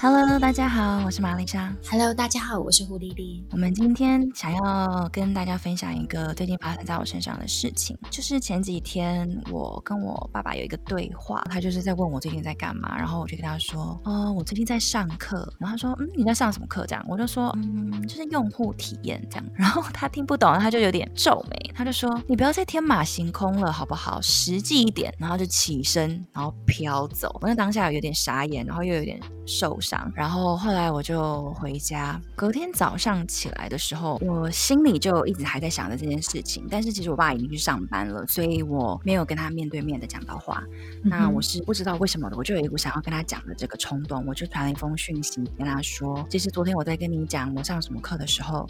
Hello，大家好，我是馬麗莎。Hello，大家好，我是胡麗麗。我們今天想要跟大家分享一個最近發生在我身上的事情，就是前幾天我跟我爸爸有一個對話，他就是在問我最近在幹嘛，然後我就跟他說，哦，我最近在上課。然後他說，嗯，你在上什麼課？這樣，我就說，嗯，就是用戶體驗這樣。然後他聽不懂，他就有點皺眉，他就說，你不要再天馬行空了，好不好？實際一點。然後就起身，然後飄走。我那當下有點傻眼，然後又有點受傷。然後後來我就回家，隔天早上起來的時候，我心裡就一直還在想着這件事情。但是其實我爸已經去上班了，所以我沒有跟他面對面的講到話。那我是不知道為什麼的，我就有一股想要跟他講的這個衝動，我就傳了一封訊息跟他說，其實昨天我在跟你講我上什麼課的時候。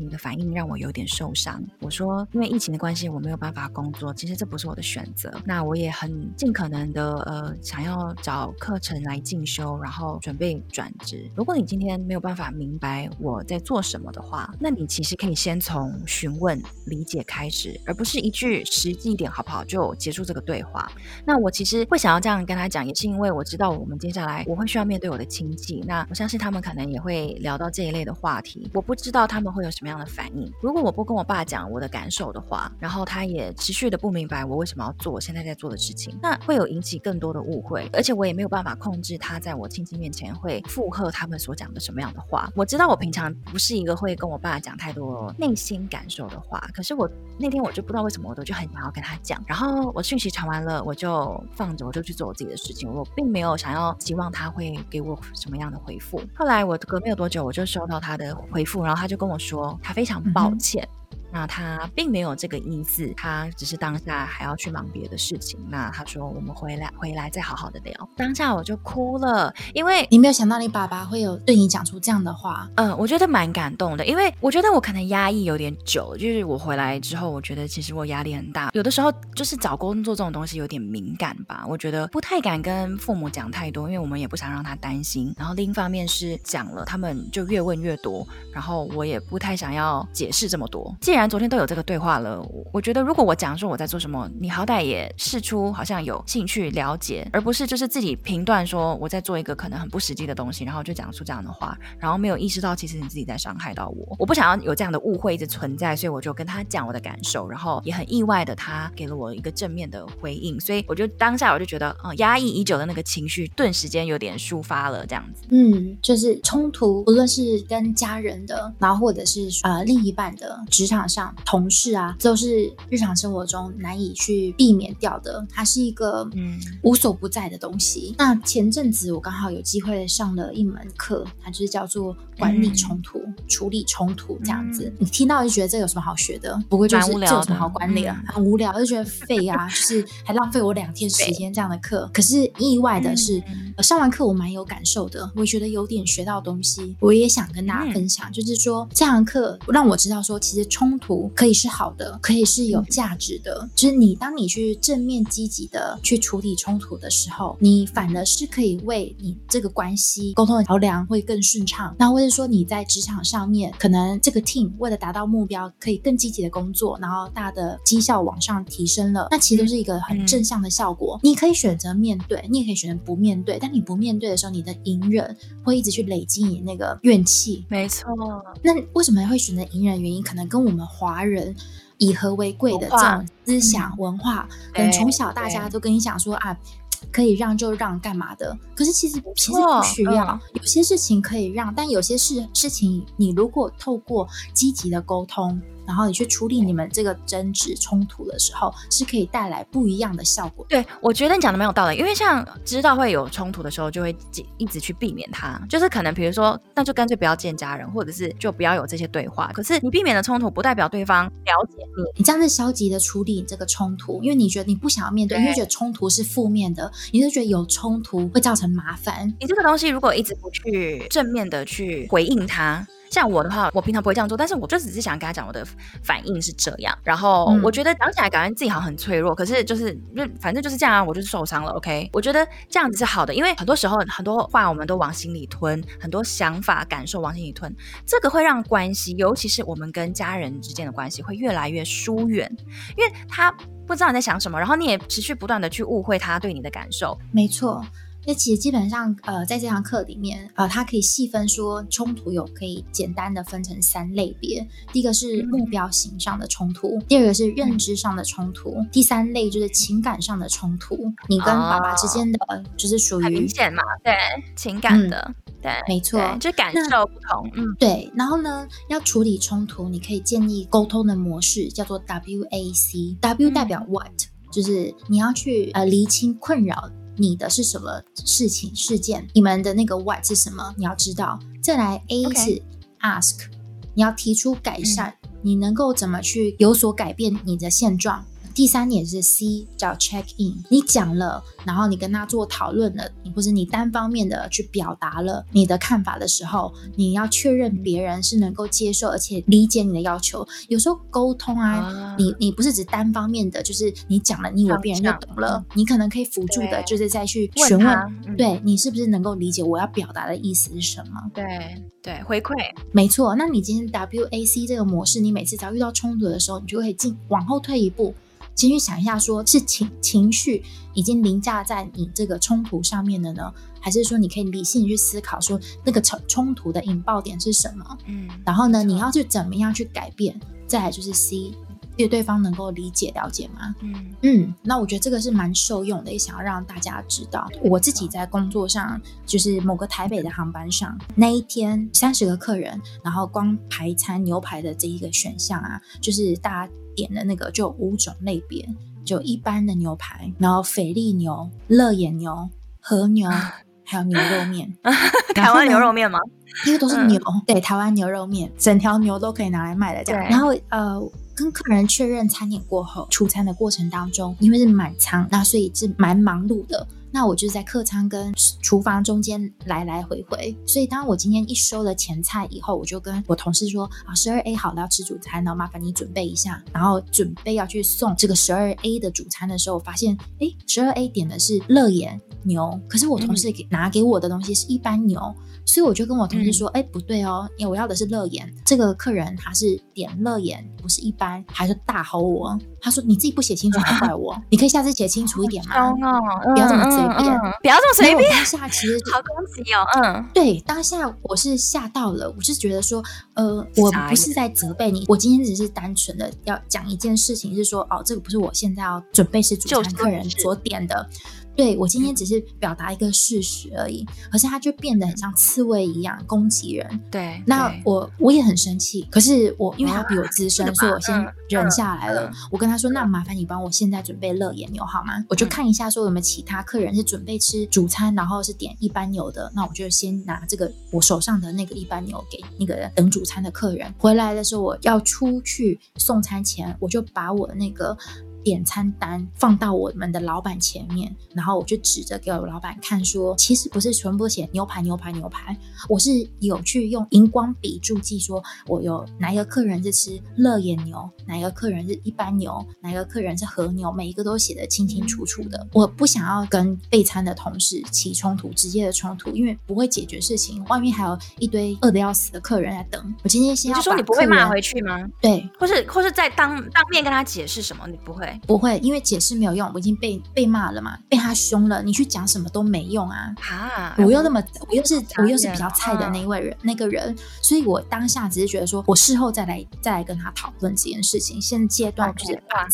你的反應讓我有點受傷。我說，因為疫情的關係，我沒有辦法工作。其實這不是我的選擇。那我也很盡可能的呃，想要找課程來進修，然後準備轉職。如果你今天沒有辦法明白我在做什麼的話，那你其實可以先從詢問、理解開始，而不是一句實際點好不好就結束這個對話。那我其實會想要這樣跟他講，也是因為我知道我們接下來我會需要面對我的親戚。那我相信他們可能也會聊到這一類的話題。我不知道他們會有什麼樣這樣的反應。如果我不跟我爸講我的感受的話，然後他也持續的不明白我為什麼要做我現在在做的事情，那會有引起更多的誤會。而且我也沒有辦法控制他在我親戚面前會附和他們所講的什麼樣的話。我知道我平常不是一個會跟我爸講太多內心感受的話，可是我那天我就不知道為什麼，我就很想要跟他講。然後我訊息傳完了，我就放着，我就去做我自己的事情。我並沒有想要希望他會給我什麼樣的回覆。後來我隔沒有多久，我就收到他的回覆，然後他就跟我說。他非常抱歉。嗯。那他並沒有這個意思，他只是當下還要去忙別的事情。那他說：“我們回來，回來再好好的聊。”當下我就哭了，因為你沒有想到你爸爸會有對你講出這樣的話。嗯，我覺得蠻感動的，因為我覺得我可能壓抑有點久，就是我回來之後，我覺得其實我壓力很大。有的時候就是找工作這種東西有點敏感吧，我覺得不太敢跟父母講太多，因為我們也不想讓他擔心。然後另一方面是講了，他們就越問越多，然後我也不太想要解釋這麼多。既然當然，昨天都有這個對話了，我覺得如果我講說我在做什麼，你好歹也試出好像有興趣了解，而不是就是自己評斷說我在做一個可能很不實際的東西，然後就講出這樣的話，然後沒有意識到其實你自己在傷害到我。我不想要有這樣的誤會一直存在，所以我就跟他講我的感受，然後也很意外的他給了我一個正面的回應，所以我就當下我就覺得嗯，壓抑已久的那個情緒頓時間有點抒發了這樣子。嗯，就是衝突，不論是跟家人的，然後或者是呃另一半的職場。上同事啊，都是日常生活中難以去避免掉的，它是一個嗯無所不在的東西、嗯。那前陣子我剛好有機會上了一門課，它就是叫做管理衝突、嗯、處理衝突這樣子、嗯。你聽到就覺得這有什麼好學的？不會就是這有什麼好管理啊，很無、嗯、無聊，就覺得廢啊， 就是還浪費我兩天時間這樣的課。可是意外的是、嗯呃，上完課我蠻有感受的，我覺得有點學到東西，我也想跟大家分享，嗯、就是說這堂課讓我知道說其實衝。圖可以是好的，可以是有價值的。就是你當你去正面積極的去處理衝突的時候，你反而是可以為你這個關係溝通的橋樑會更順暢。那或者說你在職場上面，可能這個 team 為了達到目標可以更積極的工作，然後大的績效往上提升了，那其實都是一個很正向的效果。嗯。你可以選擇面對，你也可以選擇不面對。但你不面對的時候，你的隱忍會一直去累積你那個怨氣。沒錯。那為什麼會選擇隱忍？原因可能跟我們。華人以和為貴的這種思想文化，可能從、嗯、小大家都跟你講說、欸、啊，可以讓就讓幹嘛的。可是其實其實不需要、哦嗯，有些事情可以讓，但有些事事情你如果透過積極的溝通。然後你去處理你們這個爭執衝突的時候，是可以帶來不一樣的效果。對，我覺得你講的蠻有道理。因為像知道會有衝突的時候，就會一直去避免它。就是可能，比如說，那就乾脆不要見家人，或者是就不要有這些對話。可是你避免的衝突，不代表對方了解你。你這樣子消極的處理這個衝突，因為你覺得你不想要面對，對因為你覺得衝突是負面的，你就覺得有衝突會造成麻煩。你這個東西如果一直不去正面的去回應它。像我的話，我平常不會這樣做，但是我就只是想跟他講，我的反應是這樣。然後我覺得講起來感覺自己好像很脆弱，可是就是就反正就是這樣啊，我就是受傷了。OK，我覺得這樣子是好的，因為很多時候很多話我們都往心裡吞，很多想法感受往心裡吞，這個會讓關係，尤其是我們跟家人之間的關係會越來越疏遠，因為他不知道你在想什麼，然後你也持續不斷地去誤會他對你的感受。沒錯。那其實基本上，呃，在這堂課裡面，呃，它可以細分說衝突有可以簡單的分成三類別。第一個是目標型上的衝突，嗯、第二個是認知上的衝突，嗯，第三類就是情感上的衝突。你跟爸爸之間的就是屬於很、哦、明顯嘛，對，情感的，嗯、對，沒錯，對，就感受不同，嗯，對。然後呢，要處理衝突，你可以建議溝通的模式叫做 WAC，嗯。W 代表 What，就是你要去呃釐清困擾。你的是什麼事情事件？你們的那個 what 是什麼？你要知道，再來 A、okay. 是 ask，你要提出改善，okay. 你能夠怎麼去有所改變你的現狀？第三點是 C 叫 check in，你講了，然後你跟他做討論了，不是你單方面的去表達了你的看法的時候，你要確認別人是能夠接受而且理解你的要求。有時候溝通啊，啊你你不是只單方面的，就是你講了，你以為別人就懂了、嗯，你可能可以輔助的就是再去詢問，對，問、嗯、對，你是不是能夠理解我要表達的意思是什麼？對對，回饋沒錯。那你今天 WAC 這個模式，你每次只要遇到衝突的時候，你就可以進往後退一步。先去想一下說，說是情情緒已經凌駕在你這個衝突上面的呢，還是說你可以理性去思考說，說那個衝衝突的引爆點是什麼？嗯，然後呢，嗯、你要去怎麼樣去改變？再來就是 C。對方能夠理解了解嗎？嗯嗯，那我覺得這個是蠻受用的，也想要讓大家知道，我自己在工作上，就是某個台北的航班上，那一天三十個客人，然後光排餐牛排的這一個選項啊，就是大家點的那個就有五種類別，就一般的牛排，然後菲力牛、肋眼牛、和牛，還有牛肉麵， 台灣牛肉麵嗎？因為都是牛、嗯，對，台灣牛肉麵，整條牛都可以拿來賣的這樣，然後呃。跟客人確認餐點過後，出餐的過程當中，因為是滿倉，那所以是蠻忙碌的。那我就是在客艙跟廚房中間來來回回，所以當我今天一收了前菜以後，我就跟我同事說啊，十二 A 好了，要吃主餐，然後麻煩你準備一下。然後準備要去送這個十二 A 的主餐的時候，我發現哎，十二 A 點的是肋眼牛，可是我同事給、嗯、拿給我的東西是一般牛，所以我就跟我同事說，哎、嗯，不對哦，因為我要的是肋眼，這個客人他是點肋眼，不是一般，還是大吼我。他說：“你自己不寫清楚，還、啊、怪我？你可以下次寫清楚一點嘛、哦嗯，不要這麼隨便，嗯嗯嗯、不要這麼隨便。”當下其實好攻擊哦。嗯，對，當下我是嚇到了，我是覺得說，呃，我不是在責備你，我今天只是單純的要講一件事情，是說，哦，這個不是我現在要準備是主餐客人所點的。對，我今天只是表達一個事實而已，嗯、可是他就變得很像刺蝟一樣攻擊人。對，那我我也很生氣，可是我因為他比我資深，啊、所以我先忍下來了、啊啊。我跟他說：“啊、那麻煩你幫我現在準備肋眼牛好嗎、嗯？”我就看一下說有沒有其他客人是準備吃主餐，然後是點一般牛的，那我就先拿這個我手上的那個一般牛給那個人等主餐的客人。回來的時候，我要出去送餐前，我就把我那個。點餐單放到我們的老闆前面，然後我就指着給我老闆看說，其實不是全部寫牛排牛排牛排，我是有去用熒光筆註記說，說我有哪一個客人是吃肋眼牛，哪一個客人是一般牛，哪一個客人是和牛，每一個都寫得清清楚楚的。嗯。我不想要跟備餐的同事起衝突，直接的衝突，因為不會解決事情，外面還有一堆餓得要死的客人在等。我今天先就說，你不會罵回去嗎？對，或是或是在當當面跟他解釋什麼？你不會。不會，因為解釋沒有用，我已經被被罵了嘛，被他凶了，你去講什麼都沒用啊！啊，我又那麼，我又是我又是比較菜的那一位人、啊、那個人，所以我當下只是覺得說，我事後再來再來跟他討論這件事情，現階段就是把、okay.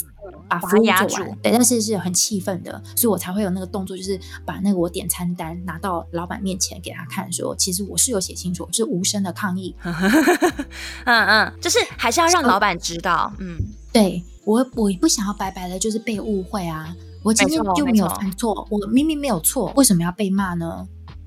把，把服務做完。對，但是是很氣憤的，所以我才會有那個動作，就是把那個我點餐單拿到老板面前給他看說，說其實我是有寫清楚，是無聲的抗議。 嗯嗯，就是還是要讓老板知道，嗯。對，我，我不想要白白的，就是被誤會啊！我今天就沒有犯錯，沒錯，沒錯，我明明沒有錯，為什麼要被罵呢？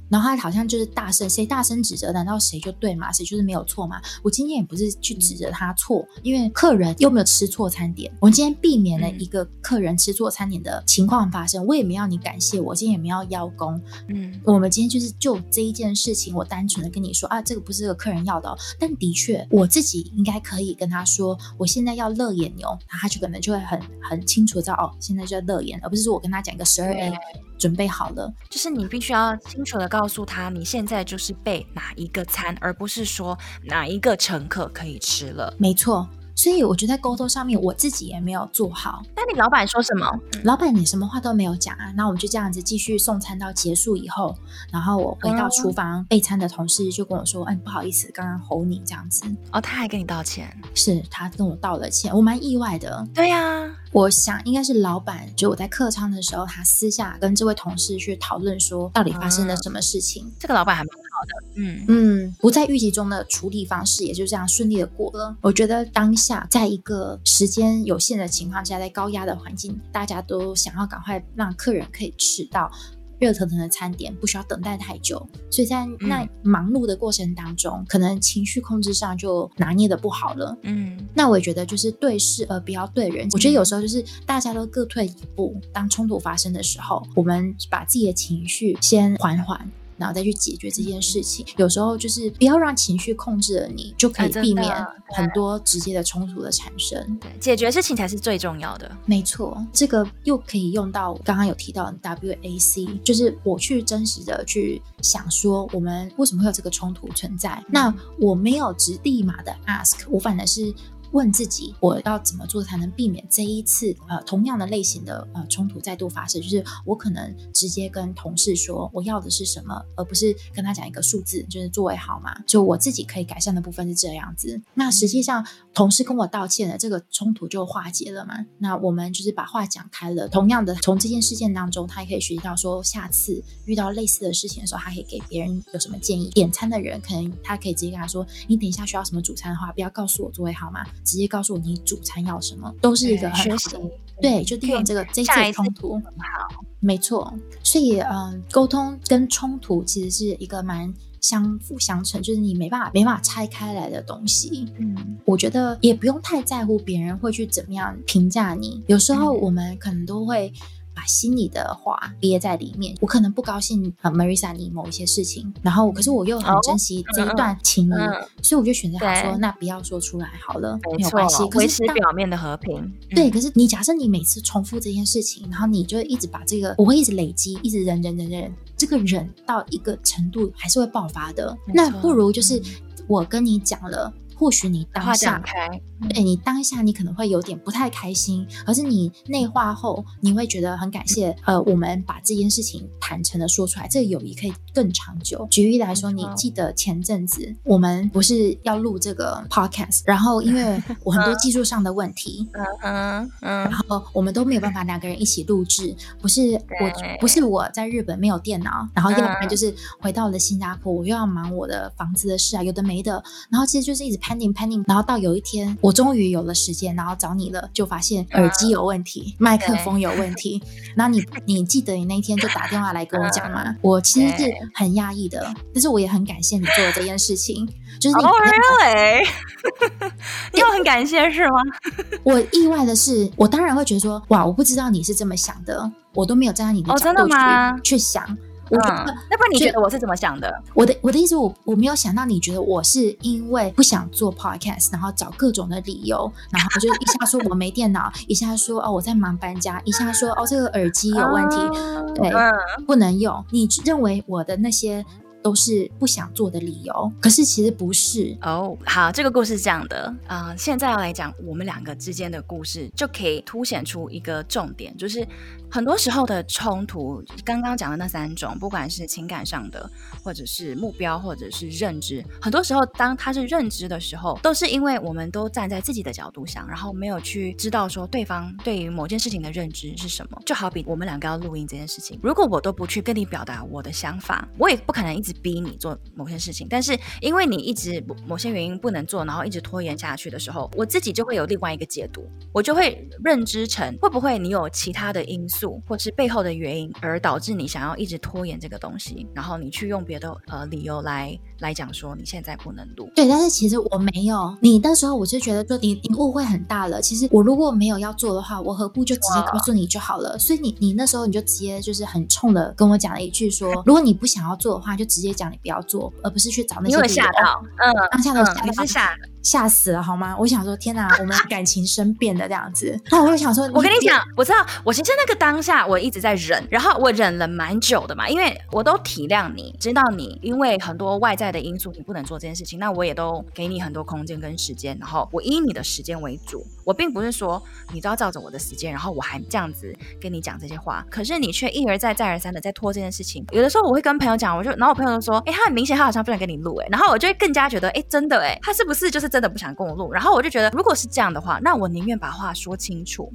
然後他好像就是大聲，誰大聲指責，難道誰就對嗎？誰就是沒有錯嗎？我今天也不是去指責他錯，嗯，因為客人又沒有吃錯餐點。我們今天避免了一個客人吃錯餐點的情況發生，嗯、我也沒要你感謝我，今天也沒有要邀功。嗯，我們今天就是就這一件事情，我單純的跟你說啊，這個不是這個客人要的。哦，但的確我自己應該可以跟他說，我現在要肋眼牛，然後他就可能就會很很清楚知道哦，現在就要肋眼，而不是說我跟他講一個十二 A。嗯準備好了，就是你必須要清楚地告訴他，你現在就是備哪一個餐，而不是說哪一個乘客可以吃了。沒錯。所以我覺得在溝通上面我自己也沒有做好。那你老闆說什麼？嗯？老闆你什麼話都沒有講啊。那我們就這樣子繼續送餐到結束以後，然後我回到廚房，哦、備餐的同事就跟我說：“哎，不好意思，剛剛吼你這樣子。”哦，他還跟你道歉？是他跟我道了歉，我蠻意外的。對啊，我想應該是老闆，就我在客艙的時候，他私下跟這位同事去討論說，到底發生了什麼事情。哦、這個老闆還蠻。好的嗯嗯，不在預期中的處理方式，也就這樣順利的過了。我覺得當下在一個時間有限的情況下，在高壓的環境，大家都想要趕快讓客人可以吃到熱騰騰的餐點，不需要等待太久。所以在那忙碌的過程當中，嗯、可能情緒控制上就拿捏得不好了。嗯，那我也覺得就是對事而不要對人。我覺得有時候就是大家都各退一步，當衝突發生的時候，我們把自己的情緒先緩緩。然後再去解決這件事情，有時候就是不要讓情緒控制了你，啊、就可以避免很多直接的衝突的產生。對，解決事情才是最重要的，沒錯。這個又可以用到剛剛有提到的 WAC，就是我去真實的去想說我們為什麼會有這個衝突存在。嗯、那我沒有直立馬的 ask，我反而是。問自己，我要怎麼做才能避免這一次呃同樣的類型的呃衝突再度發生？就是我可能直接跟同事說我要的是什麼，而不是跟他講一個數字，就是座位好嗎？就我自己可以改善的部分是這樣子。那實際上同事跟我道歉了，這個衝突就化解了嘛。那我們就是把話講開了。同樣的，從這件事件當中，他也可以學習到說，下次遇到類似的事情的時候，他可以給別人有什麼建議。點餐的人可能他可以直接跟他說，你等一下需要什麼主餐的話，不要告訴我座位好嗎？直接告訴我你主餐要什麼，都是一個很好的學習對。對，就利用這個這些衝突。好，沒錯。所以，嗯、呃，溝通跟衝突其實是一個蠻相輔相成，就是你沒辦法沒辦法拆開來的東西。嗯，我覺得也不用太在乎別人會去怎麼樣評價你。有時候我們可能都會。把心裡的話憋在裡面，我可能不高興啊、呃、，Marissa，你某一些事情，然後可是我又很珍惜這一段情誼、哦嗯嗯，所以我就選擇他說，那不要說出來好了，沒有關係，維持表面的和平。對，嗯、可是你假設你每次重複這件事情，然後你就一直把這個，我會一直累積，一直忍忍忍忍，這個忍到一個程度還是會爆發的。那不如就是我跟你講了，嗯、或許你當下。的話對，你當下你可能會有點不太開心，而是你內化後你會覺得很感謝。呃，我們把這件事情坦誠的說出來，這個友誼可以更長久。舉例來說，你記得前陣子我們不是要錄這個 podcast，然後因為我很多技術上的問題，嗯 然後我們都沒有辦法兩個人一起錄制。不是我，不是我在日本沒有電腦，然後要不然就是回到了新加坡，我又要忙我的房子的事啊，有的沒的。然後其實就是一直 pending pending，然後到有一天我。我終於有了時間，然後找你了，就發現耳機有問題，uh, okay. 麥克風有問題。然後你你記得你那天就打電話來跟我講嗎？Uh, okay. 我其實是很壓抑的，但是我也很感謝你做的這件事情，uh, okay. 就是哦，oh，really，又 很感謝是嗎？ 我意外的是，我當然會覺得說哇，我不知道你是這麼想的，我都沒有站在你的角度去，oh, 去想。我嗯、那不然，你覺得我是怎麼想的？我的我的意思我，我我沒有想到，你覺得我是因為不想做 podcast，然後找各種的理由，然後我就一下說我沒電腦， 一下說哦我在忙搬家，一下說哦 這個耳機有問題，哦、對、嗯，不能用。你認為我的那些都是不想做的理由？可是其實不是哦。Oh, 好，這個故事是這樣的嗯、呃，現在要來講我們兩個之間的故事，就可以凸顯出一個重點，就是。很多時候的衝突，剛剛講的那三種，不管是情感上的，或者是目標，或者是認知，很多時候當他是認知的時候，都是因為我們都站在自己的角度上，然後沒有去知道說對方對於某件事情的認知是什麼。就好比我們兩個要錄音這件事情，如果我都不去跟你表達我的想法，我也不可能一直逼你做某些事情。但是因為你一直某些原因不能做，然後一直拖延下去的時候，我自己就會有另外一個解讀，我就會認知成會不會你有其他的因素，或是背後的原因而導致你想要一直拖延這個東西，然後你去用別的呃理由來來講說你現在不能錄。對，但是其實我沒有。你那時候我就覺得說，你你誤會很大了。其實我如果沒有要做的話，我何不就直接告訴你就好了。哦、所以你你那時候你就直接就是很衝的跟我講了一句說，如果你不想要做的話，就直接講你不要做，而不是去找那些。你有嚇到？嗯、當、啊、下的、嗯、下的你是嚇到嚇死了，好嗎？我想說，天哪、啊，我們感情生變的這樣子。那 我想說，我跟你講，我知道，我其實那個當下我一直在忍，然後我忍了蠻久的嘛，因為我都體諒你，知道你因為很多外在的因素你不能做這件事情，那我也都給你很多空間跟時間，然後我以你的時間為主，我並不是說你都要照着我的時間，然後我還這樣子跟你講這些話，可是你卻一而再再而三的在拖這件事情。有的時候我會跟朋友講，我就，然後我朋友都說，哎、欸，他很明顯他好像不想跟你錄，哎，然後我就會更加覺得，哎、欸，真的、欸，哎，他是不是就是。真的不想跟我錄，然後我就覺得，如果是這樣的話，那我寧願把話說清楚。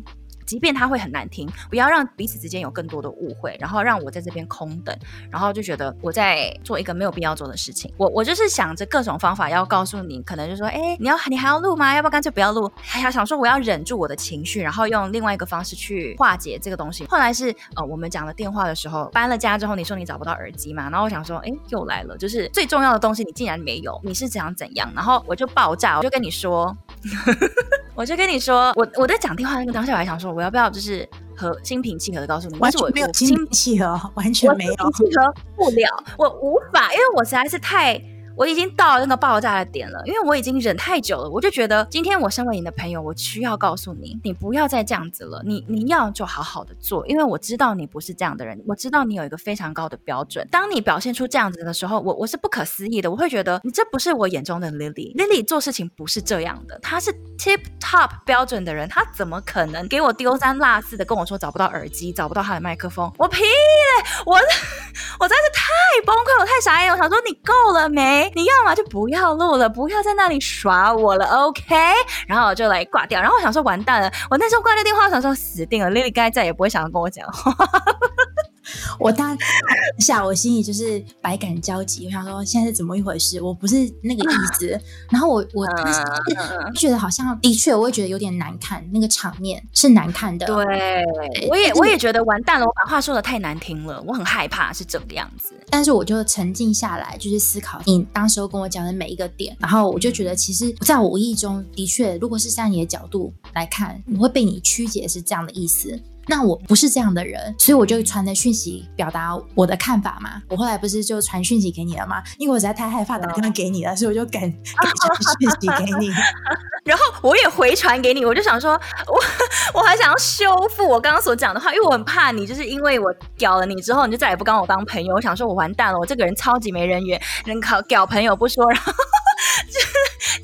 即便他會很難聽，不要讓彼此之間有更多的誤會，然後讓我在這邊空等，然後就覺得我在做一個沒有必要做的事情。我我就是想着各種方法要告訴你，可能就是說，哎，你要你還要錄嗎？要不要乾脆不要錄？還、哎、要想說我要忍住我的情緒，然後用另外一個方式去化解這個東西。後來是呃，我們講了電話的時候，搬了家之後，你說你找不到耳機嘛，然後我想說，哎，又來了，就是最重要的東西你竟然沒有，你是怎樣怎樣，然後我就爆炸，我就跟你說， 我就跟你說，我我在講電話那個當下，我還想說。我要不要就是和心平氣和的告訴你們，完全沒有心，心平氣和，完全沒有，心平氣和不了，我無法，因為我實在是太。我已經到了那個爆炸的點了，因為我已經忍太久了。我就覺得今天我身為你的朋友，我需要告訴你，你不要再這樣子了。你你要就好好的做，因為我知道你不是這樣的人。我知道你有一個非常高的標準。當你表現出這樣子的時候，我我是不可思議的。我會覺得你這不是我眼中的 Lily。Lily 做事情不是這樣的，她是 tip top 標準的人，她怎麼可能給我丟三落四的跟我說找不到耳機，找不到她的麥克風？我屁咧！我我真的是太崩潰，我太傻眼，我想說你夠了沒？你要嘛就不要錄了，不要在那裡耍我了，OK？然後我就來掛掉。然後我想說，完蛋了，我那時候掛掉電話，想說死定了，Lily 該再也不會想要跟我講話。 我當下我心裡就是百感交集，我想說，現在是怎麼一回事？我不是那個意思。啊、然後我我、啊就是、覺得好像的確，我會覺得有點難看，那個場面是難看的，哦。對，我也我也覺得完蛋了，我把話說得太難聽了，我很害怕是這個樣子。但是我就沉靜下來，就是思考你當時候跟我講的每一個點，然後我就覺得其實在我無意中的確，如果是像你的角度來看，我會被你曲解是這樣的意思。那我不是這樣的人，所以我就傳了訊息表達我的看法嘛。我後來不是就傳訊息給你了嗎？因為我實在太害怕打電話給你了，哦、所以我就改傳訊息給你。哦、 然後我也回傳給你，我就想說，我我還想要修復我剛剛所講的話，因為我很怕你，就是因為我屌了你之後，你就再也不跟我當朋友。我想說，我完蛋了，我這個人超級沒人緣，能搞屌朋友不說，然後。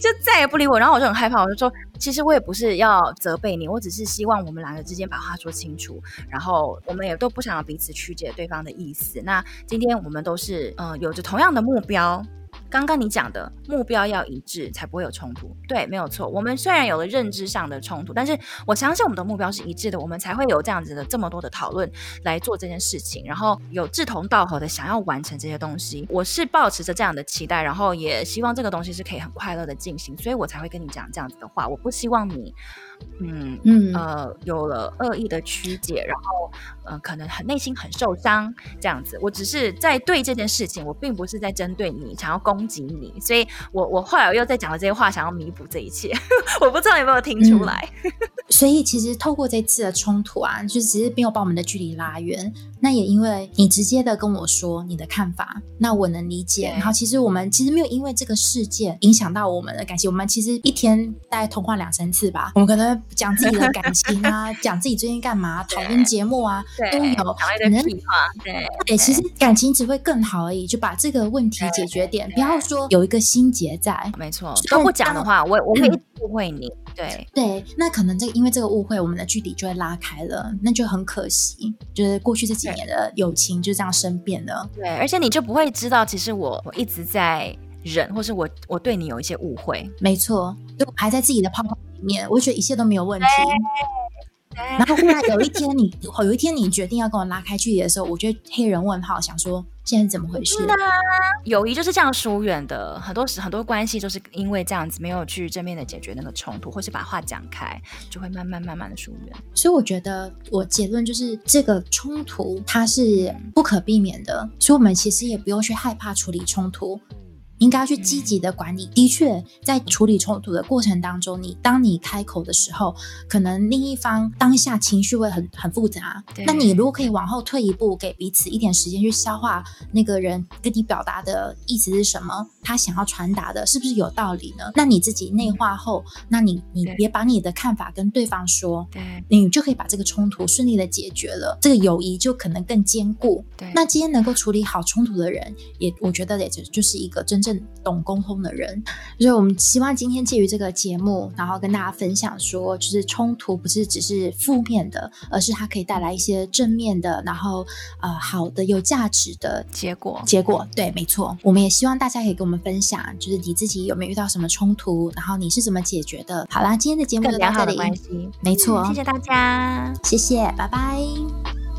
就再也不理我，然後我就很害怕。我就說，其實我也不是要責備你，我只是希望我們兩個之間把話說清楚，然後我們也都不想要彼此曲解對方的意思。那今天我們都是，嗯，有着同樣的目標。剛剛你講的目標要一致，才不會有衝突。對，沒有錯。我們雖然有了認知上的衝突，但是我相信我們的目標是一致的，我們才會有這樣子的這麼多的討論來做這件事情。然後有志同道合的想要完成這些東西，我是抱持着這樣的期待，然後也希望這個東西是可以很快樂的進行，所以我才會跟你講這樣子的話。我不希望你，嗯嗯呃，有了惡意的曲解，然後、呃、可能很內心很受傷這樣子。我只是在對這件事情，我並不是在針對你，想要攻。攻擊你，所以我我後來又再講了這些話，想要彌補這一切。 我不知道有沒有聽出來。嗯，所以其實透過這次的衝突啊，就其實沒有把我們的距離拉遠。那也因為你直接的跟我說你的看法，那我能理解。然後其實我們其實沒有因為這個事件影響到我們的感情。我們其實一天大概通話兩三次吧，我們可能講自己的感情啊，講 自己最近幹嘛，討論節目啊，都有。可能對對，其實感情只會更好而已。就把這個問題解決點，不要。然後說有一個心結在，沒錯，都不講的話，嗯、我我會誤會你，對對，那可能這個、因為這個誤會，我們的距離就會拉開了，那就很可惜，就是過去這幾年的友情就這樣生變了，對，而且你就不會知道，其實我我一直在忍，或是我我對你有一些誤會，沒錯，就還在自己的泡泡裡面，我覺得一切都沒有問題。然後後來有一天你，你 有一天你決定要跟我拉開距離的時候，我覺得黑人問號，想說現在怎麼回事？友誼就是這樣疏遠的，很多時很多關係都是因為這樣子，沒有去正面的解決那個衝突，或是把話講開，就會慢慢慢慢的疏遠。所以我覺得我結論就是，這個衝突它是不可避免的，所以我們其實也不用去害怕處理衝突。應該要去積極的管理。的確，在處理衝突的過程當中，你當你開口的時候，可能另一方當下情緒會很很複雜。那你如果可以往後退一步，給彼此一點時間去消化那個人跟你表達的意思是什麼，他想要傳達的是不是有道理呢？那你自己內化後，那你你也把你的看法跟對方說對，你就可以把這個衝突順利的解決了，這個友誼就可能更堅固。對，那今天能夠處理好衝突的人，也我覺得也就是一個真正，更懂溝通的人，所以我們希望今天藉由這個節目，然後跟大家分享說，就是衝突不是只是負面的，而是它可以帶來一些正面的，然後呃好的、有價值的結果。結果結果對，沒錯。我們也希望大家可以跟我們分享，就是你自己有沒有遇到什麼衝突，然後你是怎麼解決的。好啦，今天的節目就到這裡。更良好的關係。沒錯，謝謝大家，謝謝，拜拜。